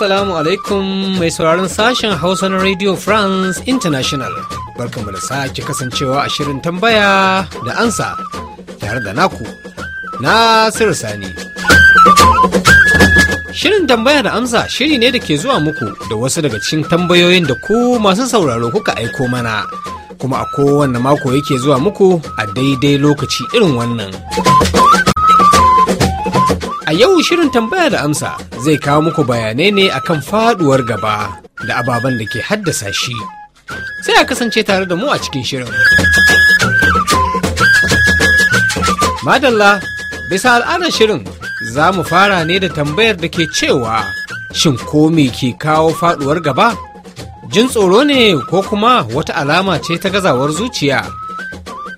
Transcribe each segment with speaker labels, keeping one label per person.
Speaker 1: Assalamu alaikum mai sauraron sashen Hausa na Radio France International. Barkanmu da sake kasancewa a shirin tambaya da ansa tare da naku. Nasiru Sani. Shirin tambaya da amsa shiri ne da ke zuwa muku da wasu daga cikin tambayoyin da ku masu sauraro kuka aiko mana. Kuma a kowane mako yake zuwa muku a daidai lokaci irin wannan. A yau shirin tambaya da amsa zai kawo muku bayanai ne akan faduwar gaba da ababen da ke haddasa shi. Sai a kasance tare da mu a cikin shirin. Madalla, bisa al'adar shirin za mu fara ne da tambayar da ke cewa shin ko ke kawo faduwar gaba? Jin tsoro ne ko kuma wata alama ce ta gazawar zuciya?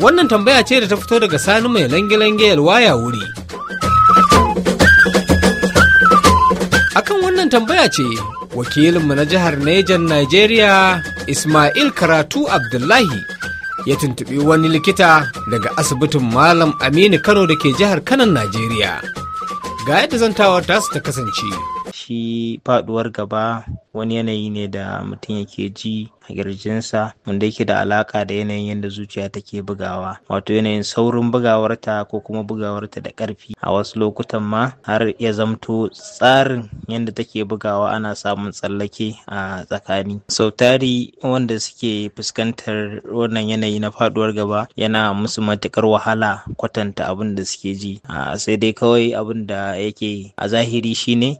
Speaker 1: Wannan tambaya ce da ta fito daga sani mai lange-lange ya wuri. Wannan tambaya ce wakilinmu na jihar Nejan Najeriya Ismail Karatu Abdullahi ya tuntuɓi wani likita daga asibitin Malam Aminu Kano da ke jihar Kanan Najeriya. Ga yadda zantawar tasu ta kasance.
Speaker 2: Shi faɗuwar gaba wani yanayi ne da mutum yake ji a kirjinsa wanda yake da alaka da yanayin yadda zuciya take bugawa wato yanayin saurin bugawarta ko kuma bugawarta da karfi a wasu lokutan ma har ya zamto tsarin yadda take bugawa ana samun tsallake a tsakani sau tari wanda suke fuskantar wannan yanayi na faduwar gaba yana musu matukar wahala kwatanta abin da suke ji sai dai kawai abin da yake a zahiri shine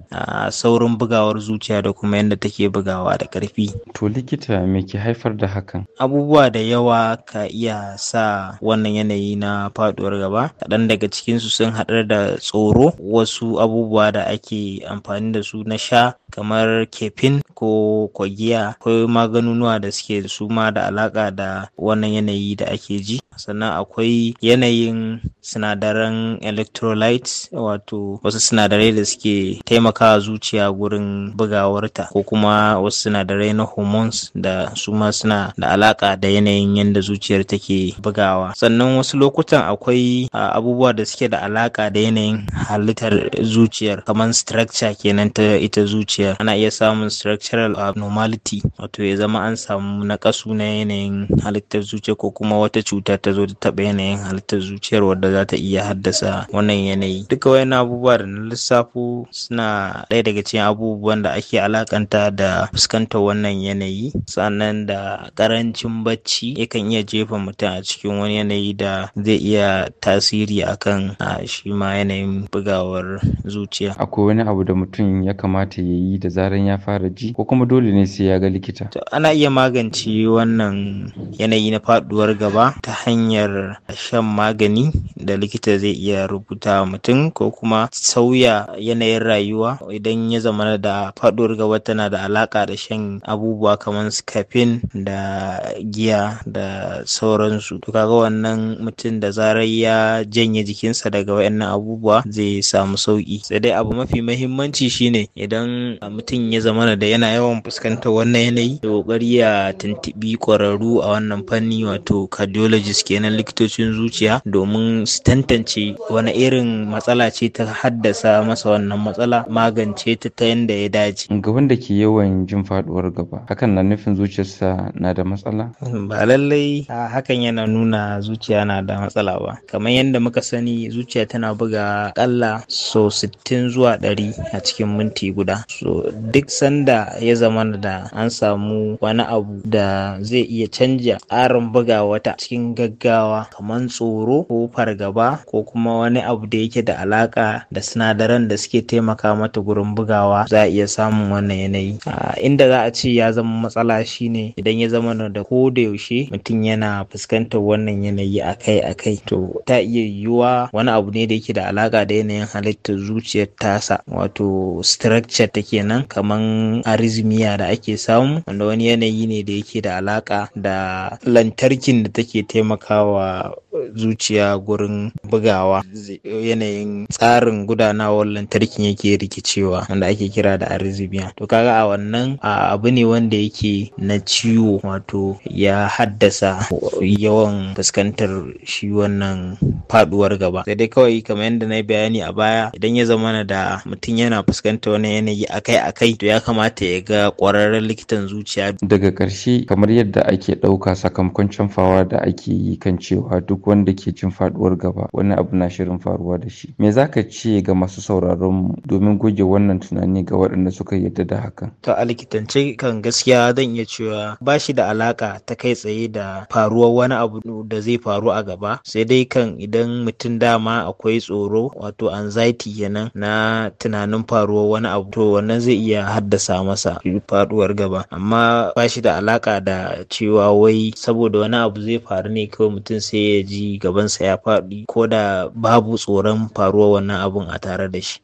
Speaker 2: saurin bugawar zuciya da kuma yadda take bugawa da karfi
Speaker 3: to likita me ke
Speaker 4: haifar da hakan
Speaker 2: abubuwa da yawa ka iya sa wannan yanayi na faduwar gaba kaɗan daga cikinsu sun haɗar da tsoro wasu abubuwa da ake amfani da su na sha kamar kefin ko kogiya akwai maganunuwa da suke su ma da alaka da wannan yanayi da ake ji sannan akwai yanayin sinadaran electrolytes wato wasu sinadarai da suke taimakawa zuciya gurin bugawarta ko kuma wasu sinadarai na hormones da su ma suna da alaka da yanayin yadda zuciyar take bugawa sannan wasu lokutan akwai abubuwa da suke da alaka da yanayin halittar zuciyar kamar structure kenan ta ita zuciya zuciya ana iya samun structural abnormality wato ya zama an samu nakasu na yanayin halittar zuciya ko kuma wata cuta ta zo ta taɓa yanayin halittar zuciyar wadda za ta iya haddasa wannan yanayi duka wayan abubuwa da na lissafo suna ɗaya daga cikin abubuwan da ake alakanta da fuskantar wannan yanayi sannan da ƙarancin bacci yakan iya jefa mutum a cikin wani yanayi da zai iya tasiri akan shi ma yanayin bugawar zuciya
Speaker 3: akwai wani abu da mutum ya kamata ya yi yi da zaran ya fara ji ko kuma dole ne sai ya ga likita to
Speaker 2: ana iya magance wannan yanayi na faduwar gaba ta hanyar shan magani da likita zai iya rubuta mutum ko kuma sauya yanayin rayuwa idan ya zama da faduwar gaba tana da alaka da shan abubuwa kamar kafin da giya da sauransu to kaga wannan mutum da zarar ya janye jikinsa daga wayannan abubuwa zai samu sauki sai dai abu mafi mahimmanci shine idan mutum ya zama da yana yawan fuskantar wannan yanayi da kokari ya tuntubi kwararru a wannan fanni wato cardiologist kenan likitocin zuciya domin su tantance wani irin matsala ce ta haddasa masa wannan matsala magance ta ta yadda ya dace
Speaker 3: gaban da ke yawan jin faduwar gaba hakan na nufin zuciyarsa na da matsala
Speaker 2: ba lallai hakan yana nuna zuciya na da matsala ba kamar yadda muka sani zuciya tana buga kalla so 60 zuwa 100 a cikin minti guda so to duk sanda ya zama da an samu wani abu da zai iya canja tsarin buga wata cikin gaggawa kamar tsoro ko fargaba ko kuma wani abu da yake da alaka da sinadaran da suke taimaka mata gurin bugawa za a iya samun wannan yanayi inda za a ce ya zama matsala shine idan ya zama da ko da yaushe mutum yana fuskantar wannan yanayi akai akai to ta iya yiwuwa wani abu ne da yake da alaka da yanayin halittar zuciyar tasa wato structure take kenan kaman arizmiya da ake samu wanda wani yanayi ne da yake da alaka da lantarkin da take taimakawa zuciya gurin bugawa yanayin tsarin gudanawar lantarkin yake rikicewa wanda ake kira da arrhythmia to kaga a wannan abu ne wanda yake na ciwo wato ya haddasa yawan fuskantar shi wannan faduwar gaba sai dai kawai kamar yadda na bayani a baya idan ya zamana da mutum yana fuskantar wani yanayi akai-akai to ya kamata ya ga kwararren likitan zuciya
Speaker 3: daga ƙarshe kamar yadda ake ɗauka sakamakon canfawa da ake yi kan cewa duk duk wanda ke cin faduwar gaba wani abu na shirin faruwa da shi me zaka ce ga masu sauraron mu domin goge wannan tunani ga waɗanda suka yadda da hakan
Speaker 2: to a likitance kan gaskiya zan iya cewa ba shi da alaka ta kai tsaye da faruwar wani abu da zai faru a gaba sai dai kan idan mutum dama akwai tsoro wato anxiety kenan na tunanin faruwar wani abu to wannan zai iya haddasa masa faduwar gaba amma ba shi da alaka da cewa wai saboda wani abu zai faru ne kawai mutum sai ya ji gabansa ya faɗi ko da babu tsoron faruwa wannan abun a tare da shi.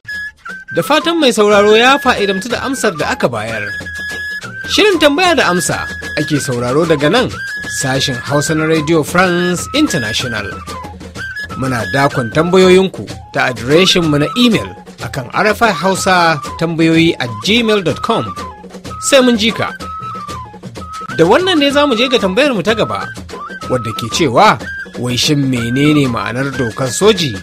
Speaker 2: Da fatan mai sauraro ya
Speaker 1: fa'idamtu da amsar da aka bayar. Shirin tambaya da amsa ake sauraro daga nan sashen Hausa na Radio France International. Muna dakon tambayoyinku ta adireshinmu na imel akan RFI Hausa tambayoyi a gmail.com. Sai mun jika. Da wannan ne za mu je ga tambayar mu ta gaba, wadda ke cewa wai shin menene ma'anar dokar soji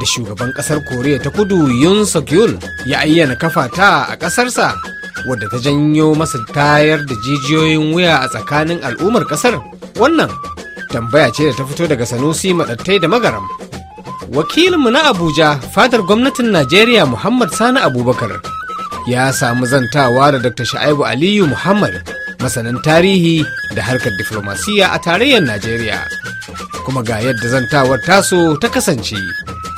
Speaker 1: da shugaban kasar koriya ta kudu yun sokyul ya ayyana kafa ta a kasarsa wadda ta janyo masa tayar da jijiyoyin wuya a tsakanin al'ummar kasar wannan tambaya ce da ta fito daga sanusi madattai da magaram wakilinmu na abuja fadar gwamnatin najeriya muhammad sani abubakar ya samu zantawa da dr sha'ibu aliyu muhammad masanin tarihi da
Speaker 4: harkar diflomasiya a tarayyar najeriya kuma ga yadda zantawar taso ta kasance.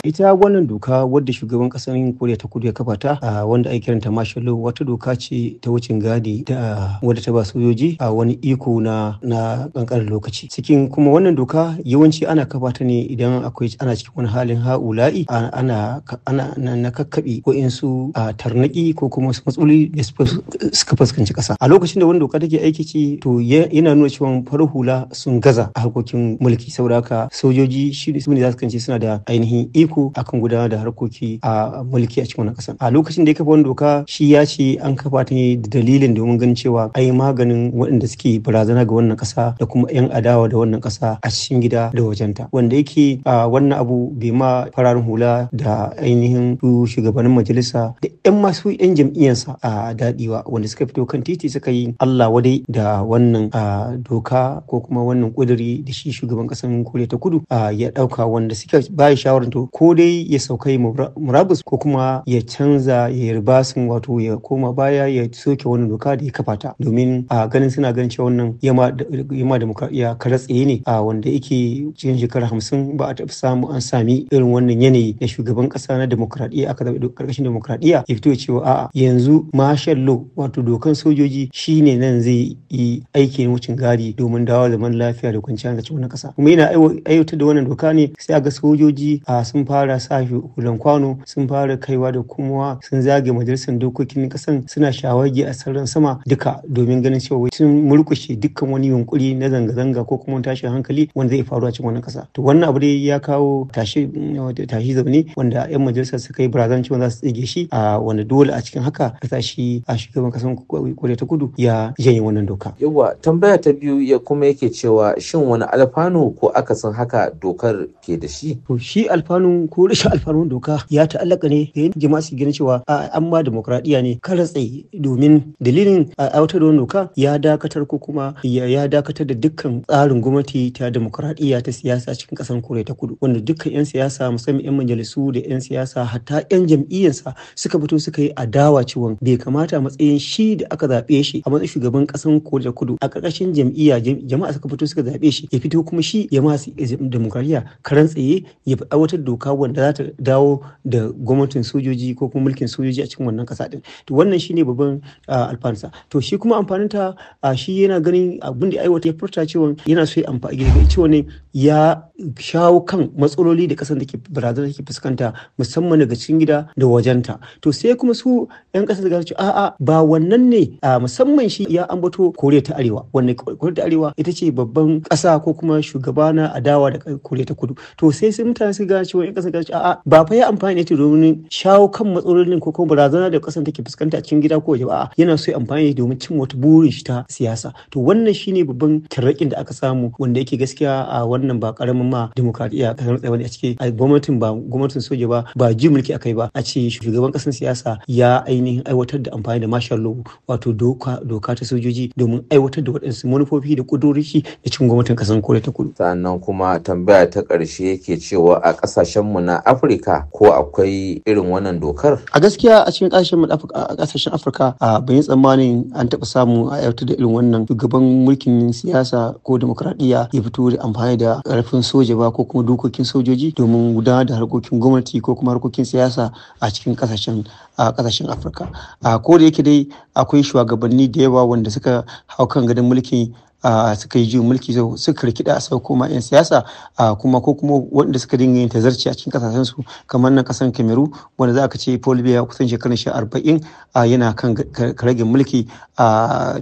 Speaker 4: ita wannan doka wadda shugaban kasar koriya ta kudu ya kafa ta a wanda ake kiranta mashalo wata doka ce ta wucin gadi da wadda ta ba sojoji a wani iko na na lokaci cikin kuma wannan doka yawanci ana kafa ta ne idan akwai ana cikin wani halin ha'ula'i ana ana na kakkabe ko in su tarnaki ko kuma su matsaloli da suka fuskanci kasa a lokacin da wani doka take aiki ce to yana nuna cewa farar hula sun gaza a harkokin mulki saboda haka sojoji shi ne za su kance suna da ainihin iko iko akan gudanar da harkoki a mulki a cikin wannan ƙasar a lokacin da ya kafa wani doka shi ya ce an kafa ta ne da dalilin domin ganin cewa ai maganin waɗanda suke barazana ga wannan kasa da kuma 'yan adawa da wannan ƙasa a cikin gida da wajenta wanda yake a wannan abu bai ma fararen hula da ainihin su shugabannin majalisa da 'yan masu 'yan jam'iyyarsa a daɗiwa wanda suka fito kan titi suka yi Allah wadai da wannan doka ko kuma wannan ƙuduri da shi shugaban ƙasar Koriya ta Kudu ya ɗauka wanda suka baya shawarar to ko ko dai ya sauka murabus ko kuma ya canza ya ribasin wato ya koma baya ya soke wannan doka da ya kafa ta domin a ganin suna ganin cewa wannan yama demokradiyya kara tsaye ne a wanda yake cikin shekara hamsin ba a taɓa samu an sami irin wannan yanayi na shugaban ƙasa na demokradiyya aka zaɓi ƙarƙashin demokradiyya ya fito cewa a'a yanzu martial law wato dokan sojoji shine nan zai yi aiki na wucin gadi domin dawo zaman lafiya da kwanciyar zaci na ƙasa kuma yana aiwatar da wannan doka ne sai a ga sojoji a sun fara fara sa hulan kwano sun fara kaiwa da kuma sun zage majalisar dokokin kasan suna shawagi a sararin sama duka domin ganin cewa sun murkushe dukkan wani yunkuri na zanga-zanga ko kuma tashin hankali wanda zai faru a cikin wannan kasa to wannan abu dai ya kawo tashi tashi zaune wanda yan majalisar suka yi barazan cewa za su tsige shi a wanda dole a cikin haka ka shi a shugaban kasan koriya ta kudu ya janye wannan doka yawa tambaya ta biyu
Speaker 2: ya kuma yake cewa shin wani alfanu ko akasin haka dokar ke da shi
Speaker 4: to shi alfanu ko rashin alfarmar doka ya ta'allaka ne da yadda jama'a su gina cewa a an ma demokradiyya ne kara tsaye domin dalilin a wata da doka ya dakatar ko kuma ya dakatar da dukkan tsarin gwamnati ta demokradiyya ta siyasa cikin kasar kore ta kudu wanda dukkan yan siyasa musamman yan majalisu da yan siyasa hatta yan jam'iyyarsa suka fito suka yi adawa cewa bai kamata matsayin shi da aka zaɓe shi a matsayin shugaban kasar kore ta kudu a ƙarƙashin jam'iyya jama'a suka fito suka zaɓe shi ya fito kuma shi ya masu demokradiyya karan tsaye ya aiwatar doka Wanda da za ta dawo da gwamnatin sojoji ko kuma mulkin sojoji a cikin wannan kasa din to wannan shine babban alfansa to shi kuma amfanin ta shi yana ganin abin da aiwata ya furta cewa yana so ya amfani da cewa ne ya shawo kan matsaloli da kasan da ke barazana ke fuskanta musamman daga cikin gida da wajenta to sai kuma su yan kasar da ce a'a ba wannan ne musamman shi ya ambato koriya ta arewa wannan koriya ta arewa ita ce babban kasa ko kuma shugaba na adawa da koriya ta kudu to sai sai mutane su gane cewa gwamnatin kasar a'a ba fa ya amfani da domin shawo kan matsalolin ko kuma barazana da kasar take fuskanta a cikin gida ko waje ba a'a yana so ya amfani da domin cin wata burin shi ta siyasa to wannan shine babban tarakin da aka samu wanda yake gaskiya a wannan ba karamin ma demokradiyya kasar tsaye bane a cikin a gwamnatin ba gwamnatin soja ba ba ji mulki akai ba a ce shugaban kasar siyasa ya ainihin aiwatar da amfani da martial law wato doka doka ta sojoji domin aiwatar da waɗansu manufofi da kudurishi da cikin gwamnatin kasan kore ta kudu
Speaker 2: sannan kuma tambaya ta ƙarshe yake cewa a ƙasashen mu na afirka ko akwai irin wannan dokar
Speaker 4: a gaskiya a cikin kasashen afirka a bayan tsammanin an taɓa samu a yarda da irin wannan shugaban mulkin siyasa ko demokradiyya ya fito da amfani da ƙarfin soja ba ko kuma dokokin sojoji domin gudanar da harkokin gwamnati ko kuma harkokin siyasa a cikin kasashen a kasashen afirka ko da yake dai akwai shugabanni da yawa wanda suka hau kan gadon mulkin suka yi juyin mulki suka rikida sauko ma 'yan siyasa kuma ko kuma waɗanda suka dinga yin tazarci a cikin kasashen su kamar nan kasan kameru wanda za ka ce paul biya kusan shekarun shi arba'in yana kan karagin mulki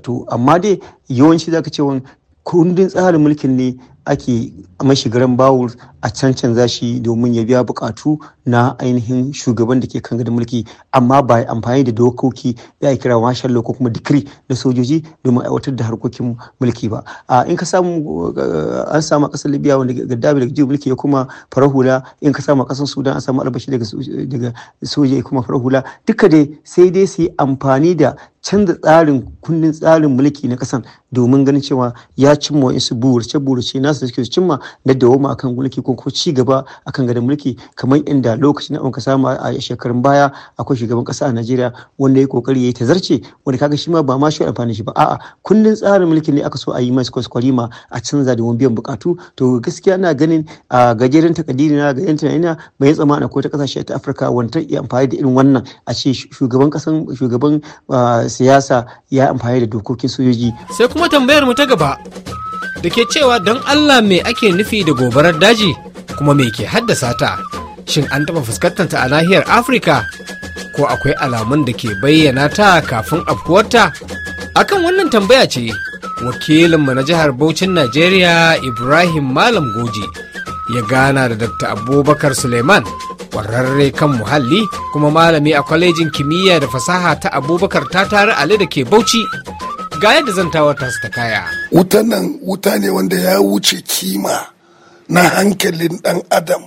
Speaker 4: to amma dai yawanci za ka ce wani kundin tsarin mulkin ne ake mashi garan bawul a cancanza shi domin ya biya bukatu na ainihin shugaban da ke kan gadon mulki amma ba amfani da dokoki ya yi kira mashallo ko kuma dikiri na sojoji domin aiwatar da harkokin mulki ba a in ka samu eh, an samu a kasar libya wanda gaddafi daga jiya mulki ya kuma farahula, in ka samu kasar sudan an samu albashi daga soja ya kuma farahula, hula duka dai sai dai su yi amfani da canza tsarin kundin tsarin mulki na kasan domin ganin cewa ya cimma wa'insu burace burace nasu da suke su cimma da dawoma akan mulki ko ko ci gaba akan gadon mulki kamar inda lokacin da samu a shekarun baya akwai shugaban kasa a Najeriya wanda ya kokari yayi tazarce wanda kaga shi ma ba ma shi amfani shi ba a'a kundin tsarin mulki ne aka so a yi masa ma a canza domin biyan bukatu to gaskiya na ganin a gajeren takadiri na gajeren mai bai tsamana ko ta kasashe ta Afirka wanda ta iya amfani da irin wannan a ce shugaban kasan shugaban siyasa ya amfani da dokokin sojoji
Speaker 1: sai kuma tambayar mu ta gaba da ke cewa don allah me ake nufi da gobarar daji kuma me ke haddasa ta shin an taɓa fuskantar ta a nahiyar afirka ko akwai alamun da ke bayyana ta kafin afkuwarta akan wannan tambaya ce wakilinmu na jihar Bauchin Najeriya Ibrahim Malam Goji ya gana da dr abubakar suleiman ƙwararre kan muhalli kuma malami a kwalejin kimiyya da fasaha ta abubakar ta tare ali da ke bauchi ga yadda zantawar tasu ta kaya
Speaker 5: wutan nan wuta ne wanda ya wuce kima na hankalin ɗan adam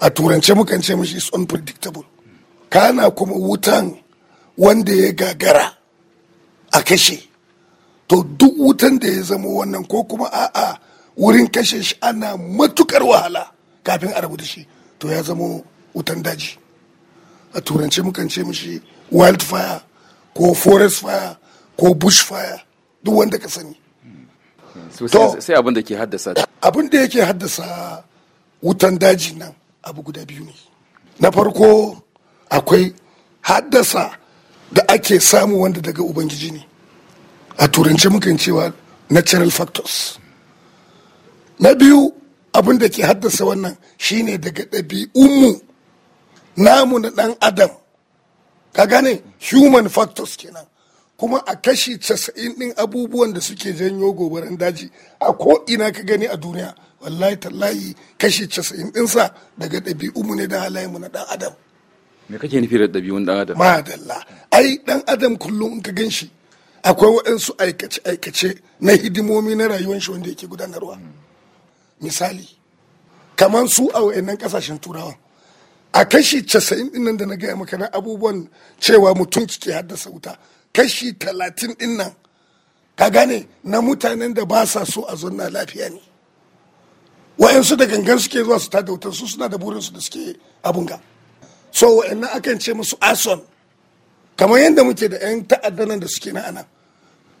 Speaker 5: a turance mukan ce mishi is unpredictable kana kuma wutan wanda ya gagara a kashe to duk wutan da ya zama wannan ko kuma a'a wurin kashe shi ana matukar wahala kafin a rabu da shi to ya zamo wutan daji a turance mukan ce mishi wildfire ko forest fire ko bush fire duk wanda ka sani
Speaker 3: sai abin da ke haddasa
Speaker 5: abin da yake haddasa wutan daji nan abu guda biyu ne na farko akwai haddasa da ake samu wanda daga ubangiji ne a turance mukan cewa natural factors na biyu abin da ke haddasa wannan shine daga ɗabi'unmu namu na ɗan adam ka gane human factors kenan kuma a kashi casa'in ɗin abubuwan da suke janyo gobaran daji a ko ina ka gani a duniya wallahi tallahi kashi casa'in ɗinsa daga ɗabi'unmu ne da halayenmu na ɗan adam
Speaker 3: me kake nufi da ɗabi'un ɗan adam madalla
Speaker 5: ai ɗan adam kullum in ka gan shi akwai waɗansu aikace-aikace na hidimomi na rayuwar shi wanda yake gudanarwa misali kamar su a wayannan kasashen turawa a kashi 90 dinnan da na gaya maka na abubuwan cewa mutum ke haddasa wuta kashi 30 dinnan ka gane na mutanen da ba sa so a zonna lafiya ne wa'yansu da gangan suke zuwa su tada wutar su suna da burinsu da suke abunga so wa'yannan akan ce musu ason kamar yadda muke da 'yan ta'addanan da suke na anan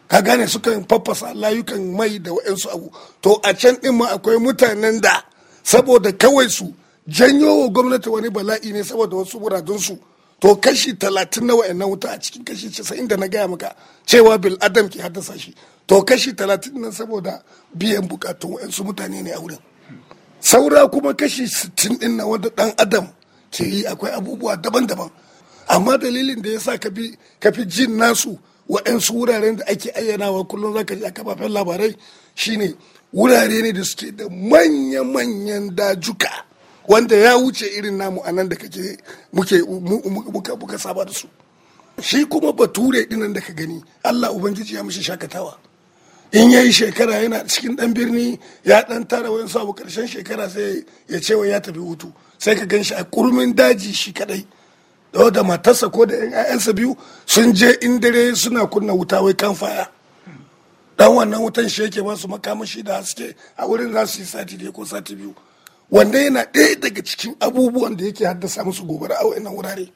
Speaker 5: ka gane sukan faffasa layukan mai da wa'ansu abu to a can ɗin ma akwai mutanen da saboda kawai su janyo wa gwamnati wani bala'i ne saboda wasu su to kashi talatin na na wuta a cikin kashi casa'in da na gaya maka cewa bil adam ke haddasa shi to kashi talatin nan saboda biyan bukatun wa'ansu mutane ne a wurin saura kuma kashi sittin din na wanda ɗan adam ke yi akwai abubuwa daban-daban amma dalilin da ya sa ka fi jin nasu waɗansu wuraren da ake ayyanawa kullum zaka ji a kafafen labarai shine wurare ne da suke da manya-manyan dajuka wanda ya wuce irin namu a nan da kake muke muka saba da su shi kuma bature dinan da ka gani allah ubangiji ya mishi shakatawa in yayi shekara yana cikin dan birni ya dan tara wayan sabu karshen shekara sai ya ce ya tafi hutu sai ka gan shi a kurmin daji shi kadai dawo da matarsa ko da 'yan 'ya'yansa biyu sun je in dare suna kunna wuta wai kan faya dan wannan wutan shi yake ba makamashi da haske a wurin za su yi sati ko sati biyu wanda yana ɗaya daga cikin abubuwan da yake haddasa musu gobara a wayannan wurare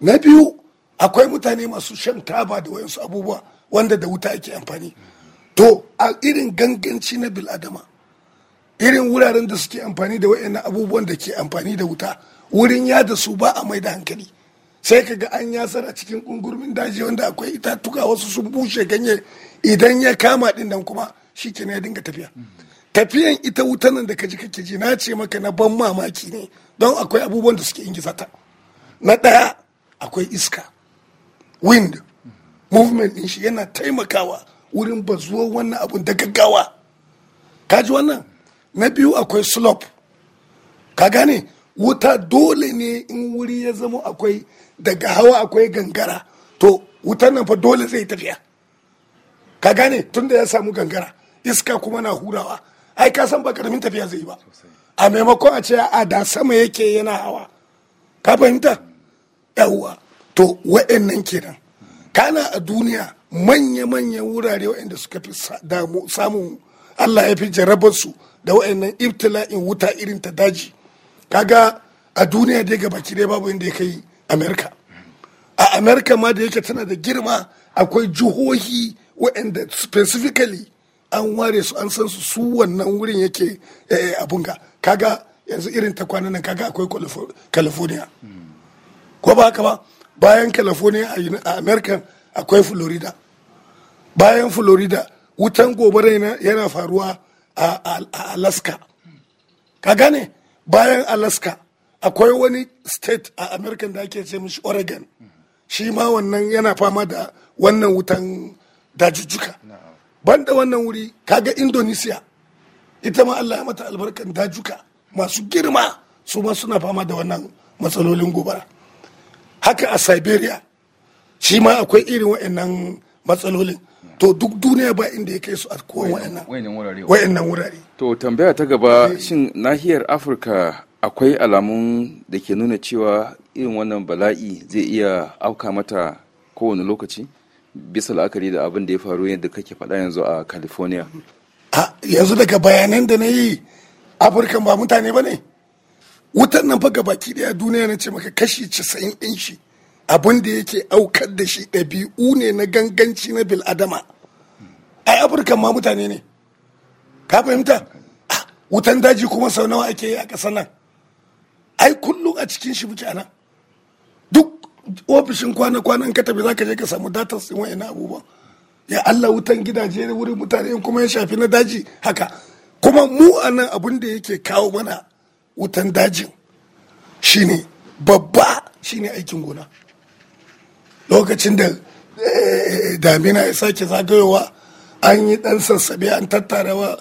Speaker 5: na biyu akwai mutane masu shan taba da wayansu abubuwa wanda da wuta ake amfani to a irin ganganci na biladama irin wuraren da suke amfani da wayannan abubuwan da ke amfani da wuta wurin ya da su ba a mai da hankali sai ka ga an yasar a cikin kungurmin daji wanda akwai itatuka wasu sun bushe ganye idan ya kama ɗin nan kuma shi ke ya dinga tafiya tafiyan ita nan da ka ji kake ji na ce maka na ban mamaki ne don akwai abubuwan da suke ingiza ta na ɗaya akwai iska wind movement din shi yana taimakawa wurin bazuwar wannan abun da gaggawa ka ji wannan na biyu akwai slope ka gane wuta dole ne in wuri ya zama akwai daga hawa akwai gangara to wutar nan fa dole zai tafiya ka gane tunda ya samu gangara iska kuma na hurawa ai ka san ba karamin tafiya zai yi ba a maimakon a ce a da sama yake yana hawa ka fahimta yawwa to wa'annan kenan kana a duniya manya-manyan wurare wa'anda suka fi samun allah ya fi jarabarsu da wa'annan ibtila'in wuta irin ta daji kaga a duniya dai gaba ki dai babu inda ya kai amerika a amerika ma da yake tana da girma akwai jihohi waɗanda specifically an ware su an san su su wannan wurin yake eh, abunga kaga yanzu irin ta kwanan nan kaga akwai california ko ba haka ba bayan california a america akwai florida bayan florida wutan gobara yana faruwa a alaska ka gane bayan alaska akwai wani state a american da ake ce mishi oregon shi ma wannan yana fama da wannan wutan dajujjuka banda wannan wuri kaga indonesia ita ma allah ya mata albarkan dajuka masu girma su ma suna fama da wannan matsalolin gobara haka a siberia shi ma akwai irin waɗannan matsalolin to duk duniya ba inda ya kai su a
Speaker 3: wayannan wurare to tambaya ta gaba eh. shin nahiyar afirka akwai alamun da ke nuna cewa irin wannan bala'i zai iya auka mata kowane lokaci bisa la'akari da abin da ya faru yadda kake faɗa yanzu a california
Speaker 5: yanzu daga bayanan da na yi afirka ba mutane ba ne wutan nan fa gabaki daya duniya na ce maka kashi casa'in inci abin da yake aukar da shi ɗabi'u ne na ganganci na bil'adama ai afirka ma mutane ne ka fahimta ah, wutan daji kuma sau nawa ake yi a ƙasar nan ai kullum a cikin shi muke anan duk ofishin kwana-kwanan ka tafi zaka je ka samu datar sun wa'in abubuwan ya allah wutan gidaje da wurin mutane kuma ya shafi na daji haka kuma mu a nan abin da yake kawo mana wutan dajin shine babba shine aikin gona lokacin da eh, damina ya sake zagayowa an yi dan sassabe an tattara wa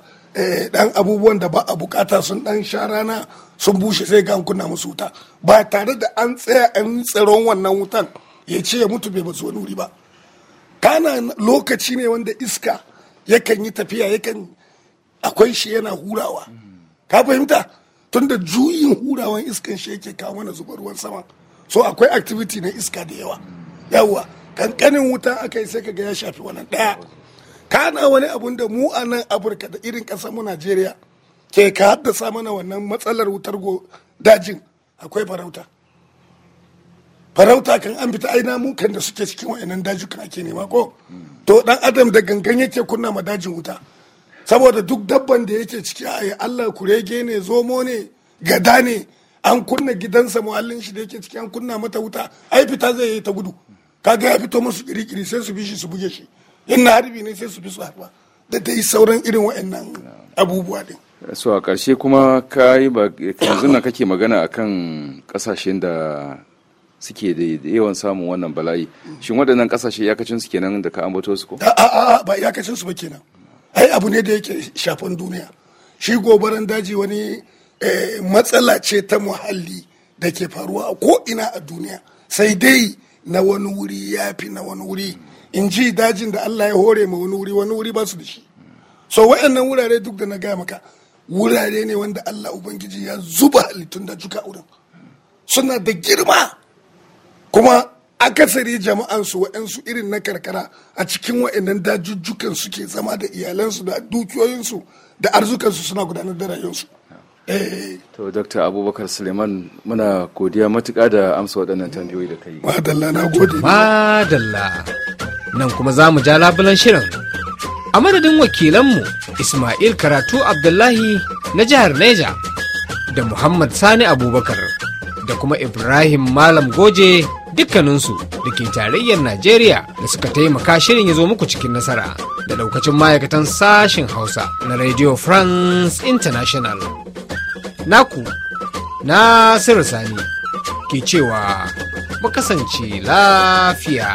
Speaker 5: dan eh, abubuwan da ba a bukata sun dan sha rana sun bushe sai ga kunna musu wuta ba tare da an tsaya an tsaron wannan wutan ya ce ya mutu bai bazu wani wuri ba kana lokaci ne wanda iska yakan yi tafiya yakan akwai shi yana hurawa ka fahimta tunda juyin hurawan iskan shi yake kawo mana zubar ruwan sama so akwai activity na iska da yawa yawa kankanin wuta aka yi sai ka ga ya shafi wani daya kana wani abun da mu a nan afirka da irin ƙasar mu najeriya ke ka haddasa mana wannan matsalar wutar dajin akwai farauta farauta kan an fita aina mukan da suke cikin wayannan dajukan ake nema ko to dan adam da gangan yake kunna ma dajin wuta saboda duk dabban da yake ciki a Allah kurege ne zomo ne gada ne an kunna gidansa muhallin shi da yake ciki an kunna mata wuta ai fita zai yi ta gudu kaga ya fito musu kirikiri sai su bi shi su buge shi in na harbi ne sai su bi su harba da dai sauran irin wa'annan abubuwa din
Speaker 3: so a ƙarshe kuma ka yi ba yanzu na kake magana akan ƙasashen da suke da yawan samun wannan bala'i shin waɗannan ƙasashe iyakacin su kenan da ka ambato su ko a
Speaker 5: a ba iyakacin su ba kenan ai abu ne da yake shafan duniya shi gobaran daji wani eh, matsala ce ta muhalli da ke faruwa a ko ina a duniya sai dai na wani wuri ya fi na wani wuri in ji dajin da Allah ya hore ma wani wuri wani wuri ba su da shi so wayannan wurare duk da na gaya maka wurare ne wanda Allah Ubangiji ya zuba halittun da juka wurin suna da girma kuma akasari jama'ansu wayansu irin na karkara a cikin wa'annan dajujjukan suke zama da iyalansu da dukiyoyinsu da arzukansu suna gudanar da rayuwarsu.
Speaker 3: To, Dr. Abubakar Suleiman muna godiya matuƙa da amsa waɗannan tambayoyi da kai. Madalla na gode.
Speaker 5: Madalla.
Speaker 1: Nan kuma za mu ja labulan shirin. A madadin wakilanmu Ismail Karatu Abdullahi na jihar Neja da Muhammad Sani Abubakar da kuma Ibrahim Malam Goje dukkaninsu da ke tarayyar Najeriya da suka taimaka shirin ya zo muku cikin nasara da daukacin ma'aikatan sashin Hausa na Radio France International. naku na sani ke cewa makasance kasance lafiya.